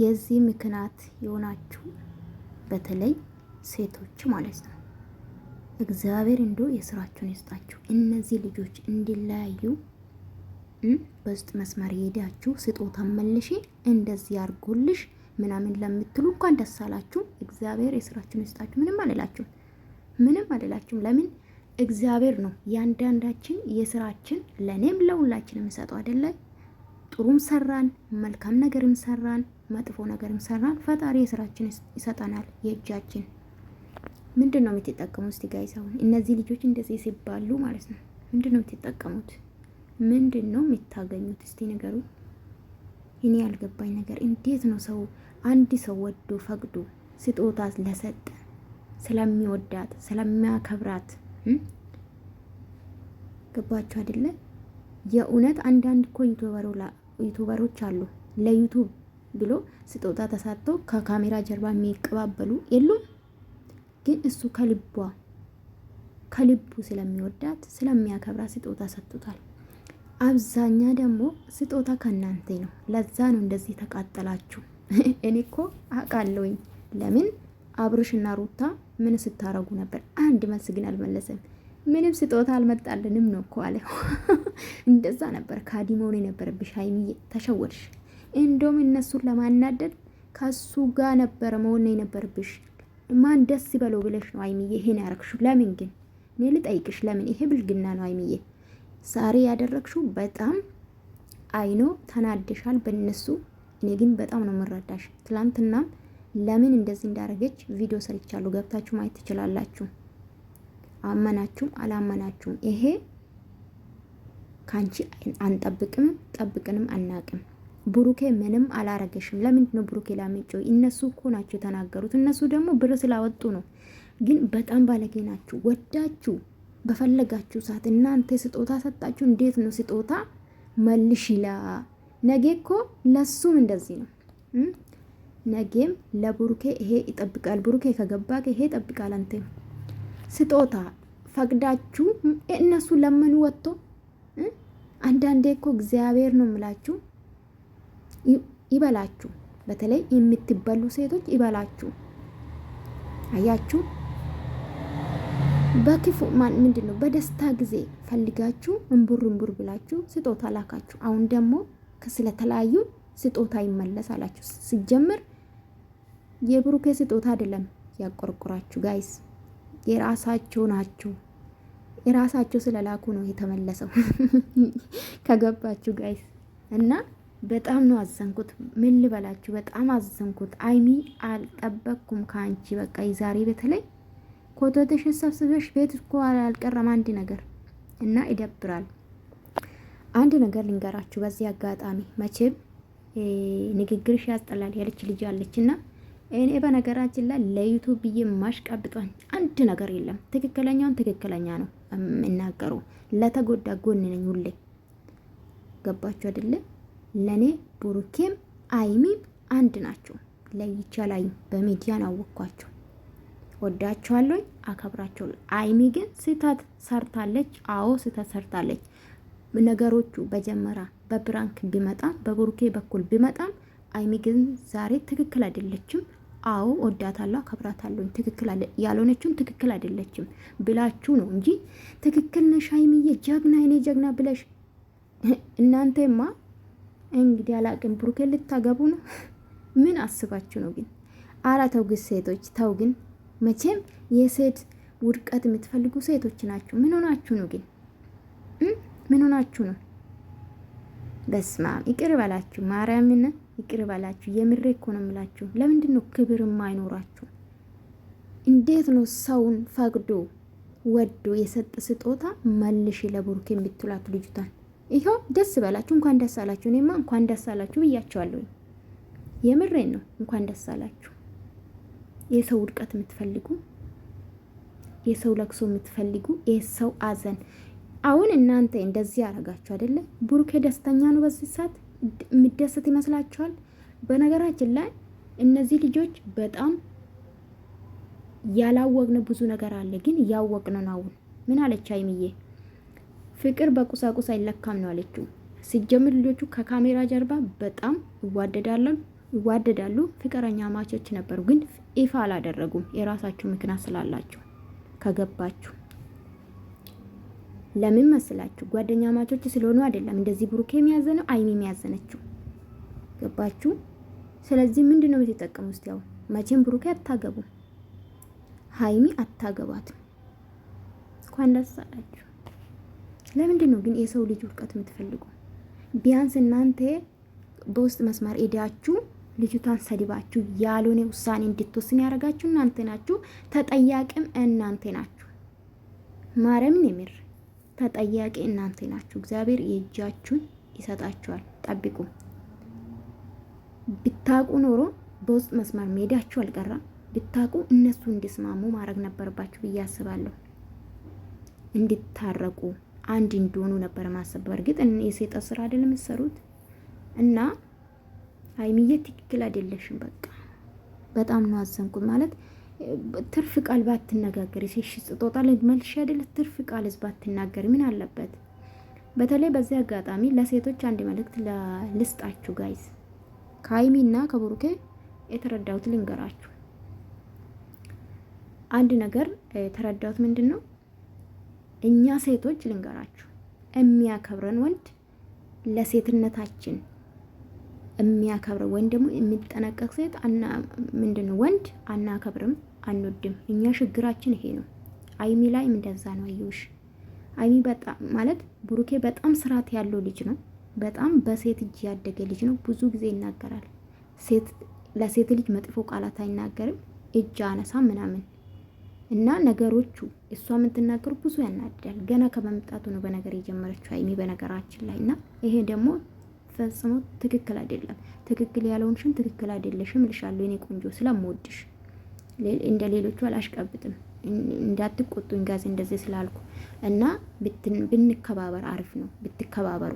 የዚህ ምክንያት የሆናችሁ በተለይ ሴቶች ማለት ነው። እግዚአብሔር እንዶ የስራችሁን ይስጣችሁ። እነዚህ ልጆች እንዲለያዩ በውስጥ መስመር የሄዳችሁ ስጦታ መልሽ እንደዚህ ያርጉልሽ ምናምን ለምትሉ እንኳን ደስ አላችሁ። እግዚአብሔር የስራችሁን ይስጣችሁ። ምንም አልላችሁም፣ ምንም አልላችሁም። ለምን እግዚአብሔር ነው ያንዳንዳችን የስራችን ለእኔም ለሁላችን የሚሰጠው አይደለ? ጥሩም ሰራን መልካም ነገርም ሰራን መጥፎ ነገርም ሰራን፣ ፈጣሪ የስራችን ይሰጠናል። የእጃችን ምንድን ነው የምትጠቀሙት? እስቲ ጋ አሁን እነዚህ ልጆች እንደዚህ ሲባሉ ማለት ነው ምንድን ነው የምትጠቀሙት? ምንድን ነው የምታገኙት? እስቲ ነገሩ እኔ ያልገባኝ ነገር እንዴት ነው ሰው አንድ ሰው ወዶ ፈቅዶ ስጦታ ለሰጠ ስለሚወዳት ስለሚያከብራት ገባችሁ አይደለ? የእውነት አንዳንድ እኮ ዩቱበሮች አሉ ለዩቱብ ብሎ ስጦታ ተሳቶ ከካሜራ ጀርባ የሚቀባበሉ የሉም። ግን እሱ ከልቧ ከልቡ ስለሚወዳት ስለሚያከብራ ስጦታ ሰጥቶታል። አብዛኛ ደግሞ ስጦታ ከእናንተ ነው። ለዛ ነው እንደዚህ ተቃጠላችሁ። እኔ እኮ አቃለውኝ። ለምን አብርሽና ሩታ ምን ስታረጉ ነበር? አንድ መልስ ግን አልመለሰም። ምንም ስጦታ አልመጣልንም ነው እኮ አለ። እንደዛ ነበር። ካዲሞን የነበረብሽ ሀይሚዬ፣ ተሸወድሽ። እንደውም እነሱን ለማናደድ ከሱ ጋር ነበረ መሆን የነበረብሽ። ማን ደስ ይበለው ብለሽ ነው አይምዬ ይሄን ያረግሽው? ለምን ግን እኔ ልጠይቅሽ፣ ለምን ይሄ ብልግና ነው አይምዬ? ዛሬ ያደረግሽው በጣም አይኖ ተናደሻል በእነሱ። እኔ ግን በጣም ነው የምረዳሽ። ትላንትና ለምን እንደዚህ እንዳረገች ቪዲዮ ሰርቻለሁ፣ ገብታችሁ ማየት ትችላላችሁ። አመናችሁም አላመናችሁም ይሄ ከአንቺ አንጠብቅም ጠብቅንም አናቅም። ብሩኬ ምንም አላረገሽም። ለምንድን ነው ብሩኬ ላመጨው? እነሱ እኮ ናቸው የተናገሩት። እነሱ ደግሞ ብር ስላወጡ ነው። ግን በጣም ባለጌ ናችሁ። ወዳችሁ በፈለጋችሁ ሰዓት እናንተ ስጦታ ሰጣችሁ። እንዴት ነው ስጦታ መልሽ ይላ። ነጌ እኮ ለሱም እንደዚህ ነው። ነገም ለብሩኬ ይሄ ይጠብቃል። ብሩኬ ከገባ ይሄ ይጠብቃል። አንተ ስጦታ ፈቅዳችሁ እነሱ ለምን ወጥቶ አንዳንዴ እኮ እግዚአብሔር ነው የምላችሁ ይበላችሁ። በተለይ የምትበሉ ሴቶች ይበላችሁ። አያችሁ፣ በክፉ ምንድን ነው በደስታ ጊዜ ፈልጋችሁ እምቡር እምቡር ብላችሁ ስጦታ ላካችሁ። አሁን ደግሞ ስለተለያዩ ስጦታ ይመለስ አላችሁ። ሲጀምር የብሩኬ ስጦታ አይደለም ያቆርቆራችሁ ጋይስ፣ የራሳቸው ናችሁ። የራሳቸው ስለላኩ ነው የተመለሰው። ከገባችሁ ጋይስ እና በጣም ነው አዘንኩት። ምን ልበላችሁ፣ በጣም አዘንኩት። አይሚ አልጠበቅኩም ከአንቺ በቃ ይዛሬ በተለይ ኮተተሽ ሰብስበሽ ቤት እኮ አልቀረም አንድ ነገር እና ይደብራል። አንድ ነገር ልንገራችሁ በዚህ አጋጣሚ መቼም ንግግርሽ ያስጠላል ያለች ልጅ አለች እና እኔ በነገራችን ላይ ለዩቱብ ብዬ ማሽቀብጧን አንድ ነገር የለም። ትክክለኛውን ትክክለኛ ነው የምናገረው። ለተጎዳ ጎን ነኝ ሁሌ። ገባችሁ አይደለም? ለእኔ ቡሩኬም አይሚም አንድ ናቸው። ለይቻላኝ በሚዲያ በሚዲያን አወቅኳቸው። ወዳቸዋለኝ፣ አከብራቸው። አይሚ ግን ስህተት ሰርታለች። አዎ ስህተት ሰርታለች። ነገሮቹ በጀመራ በብራንክ ቢመጣም በቡሩኬ በኩል ቢመጣም አይሚ ግን ዛሬ ትክክል አይደለችም። አዎ ወዳታለሁ፣ አከብራታለሁ። ትክክል አለ ያልሆነችውም ትክክል አይደለችም ብላችሁ ነው እንጂ ትክክል ነሽ አይሚዬ፣ ጀግና የኔ ጀግና ብለሽ እናንተማ እንግዲህ አላቅም። ብሩኬን ልታገቡ ነው? ምን አስባችሁ ነው ግን? አረ ተው ግን ሴቶች ተው ግን። መቼም የሴት ውድቀት የምትፈልጉ ሴቶች ናችሁ። ምን ሆናችሁ ነው ግን? ምን ሆናችሁ ነው? በስማም ይቅር በላችሁ፣ ማርያምን ይቅር በላችሁ። የምሬ እኮ ነው የምላችሁ። ለምንድን ነው ክብር የማይኖራችሁ? እንዴት ነው ሰውን ፈቅዶ ወዶ የሰጠ ስጦታ መልሽ ለብሩኬ የምትላት ልጅቷን ይኸው ደስ በላችሁ፣ እንኳን ደስ አላችሁ። እኔማ እንኳን ደስ አላችሁ ብያቸዋለሁ። የምሬን ነው። እንኳን ደስ አላችሁ። የሰው ውድቀት የምትፈልጉ የሰው ለቅሶ የምትፈልጉ የሰው አዘን አሁን እናንተ እንደዚህ ያደረጋችሁ አይደለ? ብሩኬ ደስተኛ ነው በዚህ ሰዓት የሚደሰት ይመስላችኋል? በነገራችን ላይ እነዚህ ልጆች በጣም ያላወቅነ ብዙ ነገር አለ፣ ግን እያወቅነ ነው። አሁን ምን አለች አይምዬ ፍቅር በቁሳቁስ አይለካም ነው አለችው። ሲጀምር ልጆቹ ከካሜራ ጀርባ በጣም ይዋደዳለን ይዋደዳሉ ፍቅረኛ ማቾች ነበሩ፣ ግን ይፋ አላደረጉም። የራሳችሁ ምክንያት ስላላችሁ ከገባችሁ ለምን መስላችሁ? ጓደኛ ማቾች ስለሆኑ አይደለም እንደዚህ ብሩኬ የሚያዘነው አይኔ የሚያዘነችው ገባችሁ። ስለዚህ ምንድን ነው የምትጠቀሙ? ያው መቼም ብሩኬ አታገቡ፣ ሀይሚ አታገባትም። እንኳን ደስ አላችሁ። ለምንድን ነው ግን የሰው ልጅ ውድቀት የምትፈልጉ? ቢያንስ እናንተ በውስጥ መስመር ሄዳችሁ ልጅቷን ሰድባችሁ ያልሆነ ውሳኔ እንድትወስን ያደረጋችሁ እናንተ ናችሁ። ተጠያቂም እናንተ ናችሁ። ማረምን የምር ተጠያቂ እናንተ ናችሁ። እግዚአብሔር የእጃችሁን ይሰጣችኋል። ጠብቁ። ብታቁ ኖሮ በውስጥ መስመር መሄዳችሁ አልቀራ። ብታቁ እነሱ እንዲስማሙ ማድረግ ነበረባችሁ ብዬ አስባለሁ። እንድታረቁ አንድ እንዲሆኑ ነበር ማሰብ። በእርግጥ የሰይጣን ስራ አይደል የምትሰሩት እና ሀይሚዬ ትክክል አይደለሽም። በቃ በጣም ነው አዘንኩት። ማለት ትርፍ ቃል ባትነጋገር የሴሽ ስጦታ መልሽ አይደለ ትርፍ ቃል ባትናገር ምን አለበት? በተለይ በዚህ አጋጣሚ ለሴቶች አንድ መልእክት ልስጣችሁ ጋይዝ። ከሀይሚ እና ከብሩኬ የተረዳሁት ልንገራችሁ። አንድ ነገር የተረዳሁት ምንድን ነው እኛ ሴቶች ልንገራችሁ፣ የሚያከብረን ወንድ ለሴትነታችን የሚያከብረ ወይም ደግሞ የሚጠነቀቅ ሴት አና ምንድን ወንድ አናከብርም፣ አንወድም። እኛ ችግራችን ይሄ ነው። አይሚ ላይም እንደዛ ነው። አየሁሽ አይሚ በጣም ማለት ብሩኬ በጣም ስርዓት ያለው ልጅ ነው። በጣም በሴት እጅ ያደገ ልጅ ነው። ብዙ ጊዜ ይናገራል። ሴት ለሴት ልጅ መጥፎ ቃላት አይናገርም፣ እጅ አነሳ ምናምን እና ነገሮቹ እሷ የምትናገር ብዙ ያናድዳል። ገና ከመምጣቱ ነው በነገር የጀመረችው ሀይሚ በነገራችን ላይ እና ይሄ ደግሞ ፈጽሞ ትክክል አይደለም። ትክክል ያለውንሽም ትክክል አይደለሽም እልሻለሁ እኔ ቆንጆ ስለምወድሽ እንደ ሌሎቹ አላሽቀብጥም እንዳትቆጡኝ ጋዜ እንደዚህ ስላልኩ እና ብንከባበር አሪፍ ነው ብትከባበሩ